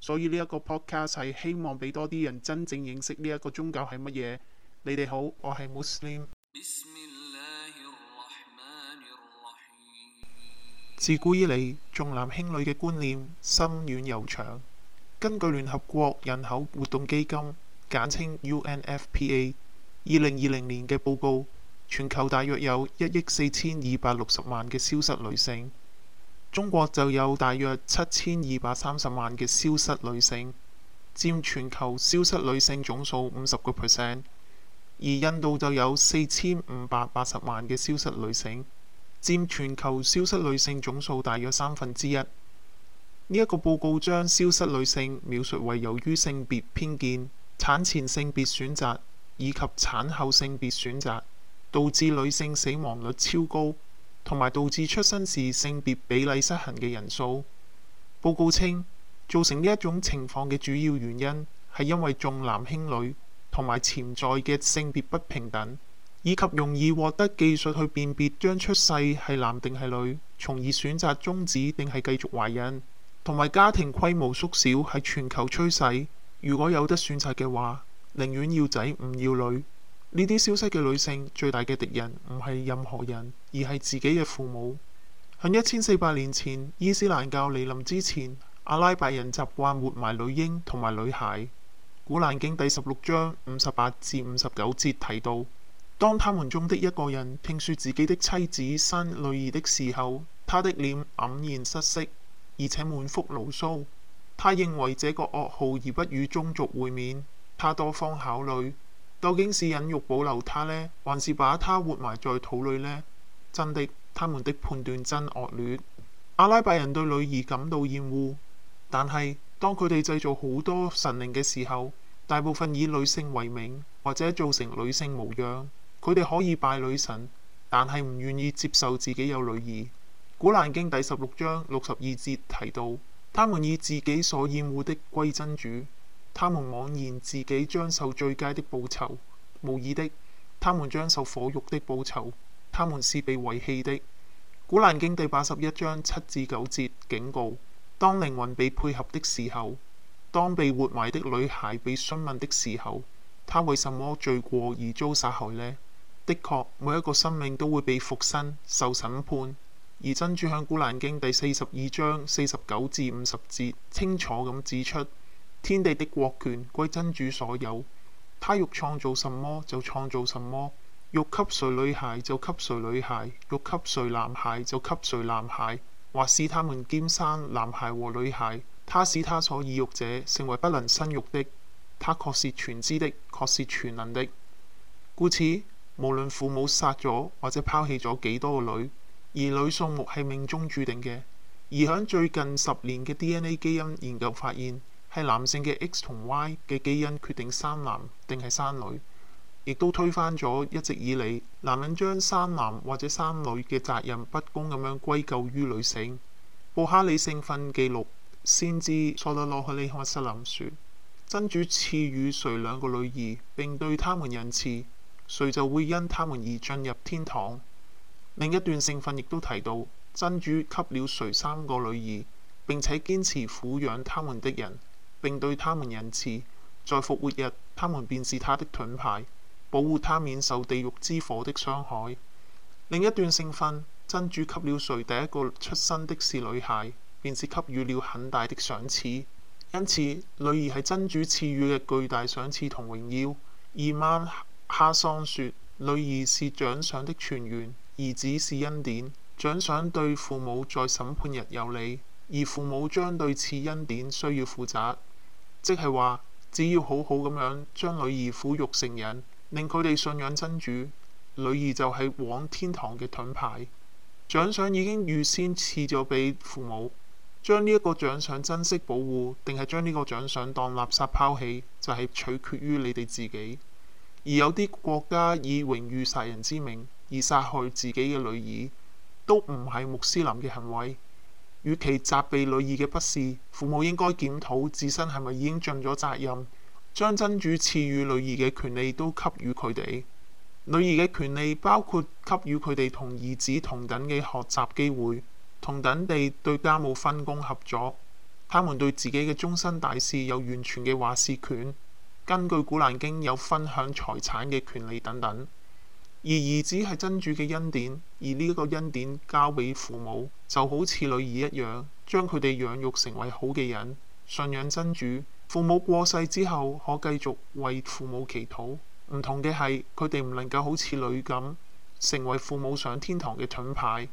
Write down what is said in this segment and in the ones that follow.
所以呢一個 podcast 係希望俾多啲人真正認識呢一個宗教係乜嘢。你哋好，我係 Muslim。自古以嚟重男輕女嘅觀念深遠悠長。根據聯合國人口活動基金簡稱 UNFPA 二零二零年嘅報告，全球大約有一億四千二百六十萬嘅消失女性。中國就有大約七千二百三十萬嘅消失女性，佔全球消失女性總數五十個 percent；而印度就有四千五百八十萬嘅消失女性，佔全球消失女性總數大約三分之一。呢一個報告將消失女性描述為由於性別偏見、產前性別選擇以及產後性別選擇，導致女性死亡率超高。同埋導致出生時性別比例失衡嘅人數，報告稱造成呢一種情況嘅主要原因係因為重男輕女，同埋潛在嘅性別不平等，以及容易獲得技術去辨別將出世係男定係女，從而選擇終止定係繼續懷孕，同埋家庭規模縮小係全球趨勢。如果有得選擇嘅話，寧願要仔唔要女。呢啲消失嘅女性最大嘅敵人唔係任何人，而係自己嘅父母。響一千四百年前伊斯蘭教嚟臨之前，阿拉伯人習慣活埋女嬰同埋女孩。古蘭經第十六章五十八至五十九節提到，當他們中的一個人聽說自己的妻子生女兒的時候，他的臉黯然失色，而且滿腹牢騷。他認為這個噩耗而不與宗族會面，他多方考慮。究竟是忍辱保留他呢，還是把他活埋在土裏呢？真的，他們的判斷真惡劣。阿拉伯人對女兒感到厭惡，但係當佢哋製造好多神靈嘅時候，大部分以女性為名或者造成女性模樣。佢哋可以拜女神，但係唔願意接受自己有女兒。古蘭經第十六章六十二節提到，他們以自己所厭惡的歸真主。他們妄言自己將受最佳的報酬，無疑的，他們將受火獄的報酬。他們是被遺棄的。古蘭經第八十一章七至九節警告：當靈魂被配合的時候，當被活埋的女孩被詢問的時候，她為什麼罪過而遭殺害呢？的確，每一個生命都會被復生、受審判。而真主向古蘭經第四十二章四十九至五十節清楚咁指出。天地的國權歸真主所有，他欲創造什麼就創造什麼，欲給誰女孩就給誰女孩，欲給誰男孩就給誰男孩，或是他們兼生男孩和女孩。他使他所意欲者成為不能生育的，他確是全知的，確是全能的。故此，無論父母殺咗或者拋棄咗幾多個女，而女數目係命中注定嘅。而喺最近十年嘅 DNA 基因研究發現。係男性嘅 X 同 Y 嘅基因決定生男定係生女，亦都推翻咗一直以嚟男人將生男或者生女嘅責任不公咁樣歸咎於女性。布哈里聖訓記錄，先知塞拉諾克利克塞林説真主賜予誰兩個女兒並對他們仁慈，誰就會因他們而進入天堂。另一段聖訓亦都提到真主給了誰三個女兒並且堅持撫養他們的人。並對他們仁慈，在復活日，他們便是他的盾牌，保護他免受地獄之火的傷害。另一段聖訓，真主給了誰第一個出生的是女孩，便是給予了很大的賞賜，因此女兒係真主賜予嘅巨大賞賜同榮耀。二媽哈桑說：女兒是獎賞的，的泉源，兒子是恩典。獎賞對父母在審判日有理，而父母將對此恩典需要負責。即係話，只要好好咁樣將女兒撫育成人，令佢哋信仰真主，女兒就係往天堂嘅盾牌。獎賞已經預先賜咗俾父母，將呢一個獎賞珍惜保護，定係將呢個獎賞當垃圾拋棄，就係取決於你哋自己。而有啲國家以榮譽殺人之名而殺害自己嘅女兒，都唔係穆斯林嘅行為。與其責備女兒嘅不是，父母應該檢討自身係咪已經盡咗責任，將真主賜予女兒嘅權利都給予佢哋。女兒嘅權利包括給予佢哋同兒子同等嘅學習機會，同等地對家務分工合作，他們對自己嘅終身大事有完全嘅話事權，根據古蘭經有分享財產嘅權利等等。而兒子係真主嘅恩典，而呢一個恩典交俾父母就好似女兒一樣，將佢哋養育成為好嘅人，信仰真主。父母過世之後，可繼續為父母祈禱。唔同嘅係，佢哋唔能夠好似女咁成為父母上天堂嘅盾牌，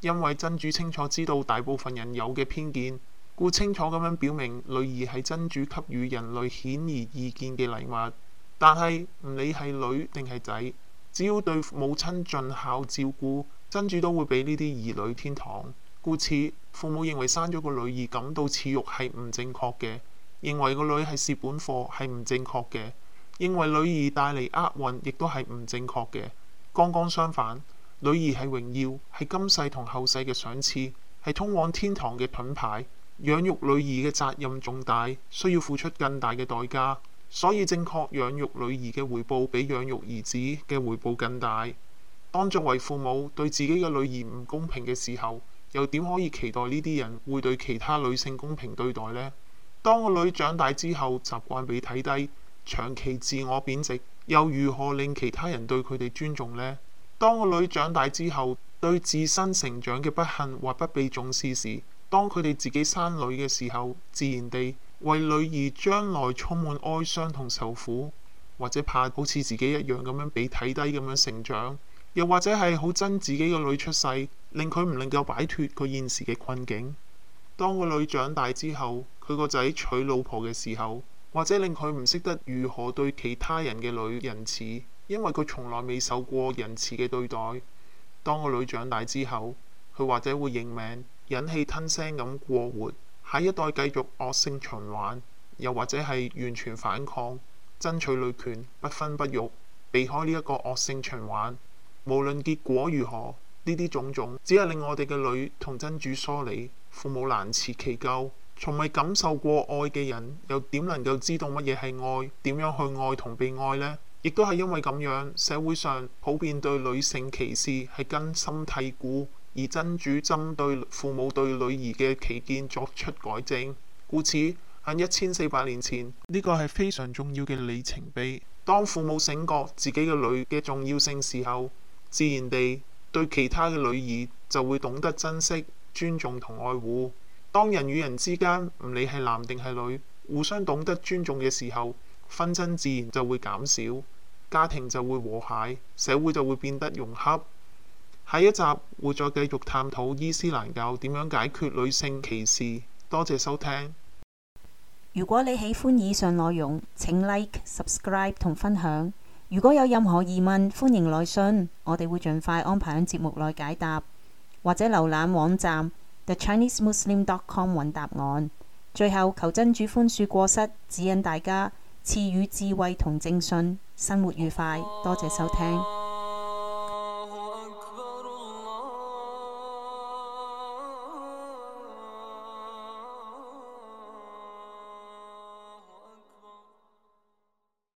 因為真主清楚知道大部分人有嘅偏見，故清楚咁樣表明，女兒係真主給予人類顯而易見嘅禮物。但係唔理係女定係仔。只要對母親盡孝照顧，真主都會俾呢啲兒女天堂。故此，父母認為生咗個女兒感到恥辱係唔正確嘅，認為個女係蝕本貨係唔正確嘅，認為女兒帶嚟厄運亦都係唔正確嘅。剛剛相反，女兒係榮耀，係今世同後世嘅賞賜，係通往天堂嘅盾牌。養育女兒嘅責任重大，需要付出更大嘅代價。所以正確養育女兒嘅回報比養育兒子嘅回報更大。當作為父母對自己嘅女兒唔公平嘅時候，又點可以期待呢啲人會對其他女性公平對待呢？當個女長大之後習慣被睇低，長期自我貶值，又如何令其他人對佢哋尊重呢？當個女長大之後對自身成長嘅不幸或不被重視時，當佢哋自己生女嘅時候，自然地，為女兒將來充滿哀傷同受苦，或者怕好似自己一樣咁樣被睇低咁樣成長，又或者係好憎自己個女出世，令佢唔能夠擺脫佢現時嘅困境。當個女長大之後，佢個仔娶老婆嘅時候，或者令佢唔識得如何對其他人嘅女仁慈，因為佢從來未受過仁慈嘅對待。當個女長大之後，佢或者會認命，忍氣吞聲咁過活。下一代繼續惡性循環，又或者係完全反抗爭取女權，不婚不育，避開呢一個惡性循環。無論結果如何，呢啲種種只係令我哋嘅女同真主疏離，父母難辭其咎。從未感受過愛嘅人，又點能夠知道乜嘢係愛，點樣去愛同被愛呢？亦都係因為咁樣，社會上普遍對女性歧視係根深蒂固。而真主針對父母對女兒嘅歧見作出改正，故此，喺一千四百年前，呢個係非常重要嘅里程碑。當父母醒覺自己嘅女嘅重要性時候，自然地對其他嘅女兒就會懂得珍惜、尊重同愛護。當人與人之間唔理係男定係女，互相懂得尊重嘅時候，紛爭自然就會減少，家庭就會和諧，社會就會變得融洽。下一集會再繼續探討伊斯蘭教點樣解決女性歧視。多謝收聽。如果你喜歡以上內容，請 Like、Subscribe 同分享。如果有任何疑問，歡迎來信，我哋會盡快安排喺節目內解答，或者瀏覽網站 TheChineseMuslim.com 揾答案。最後求真主寬恕過失，指引大家賜予智慧同正信，生活愉快。多謝收聽。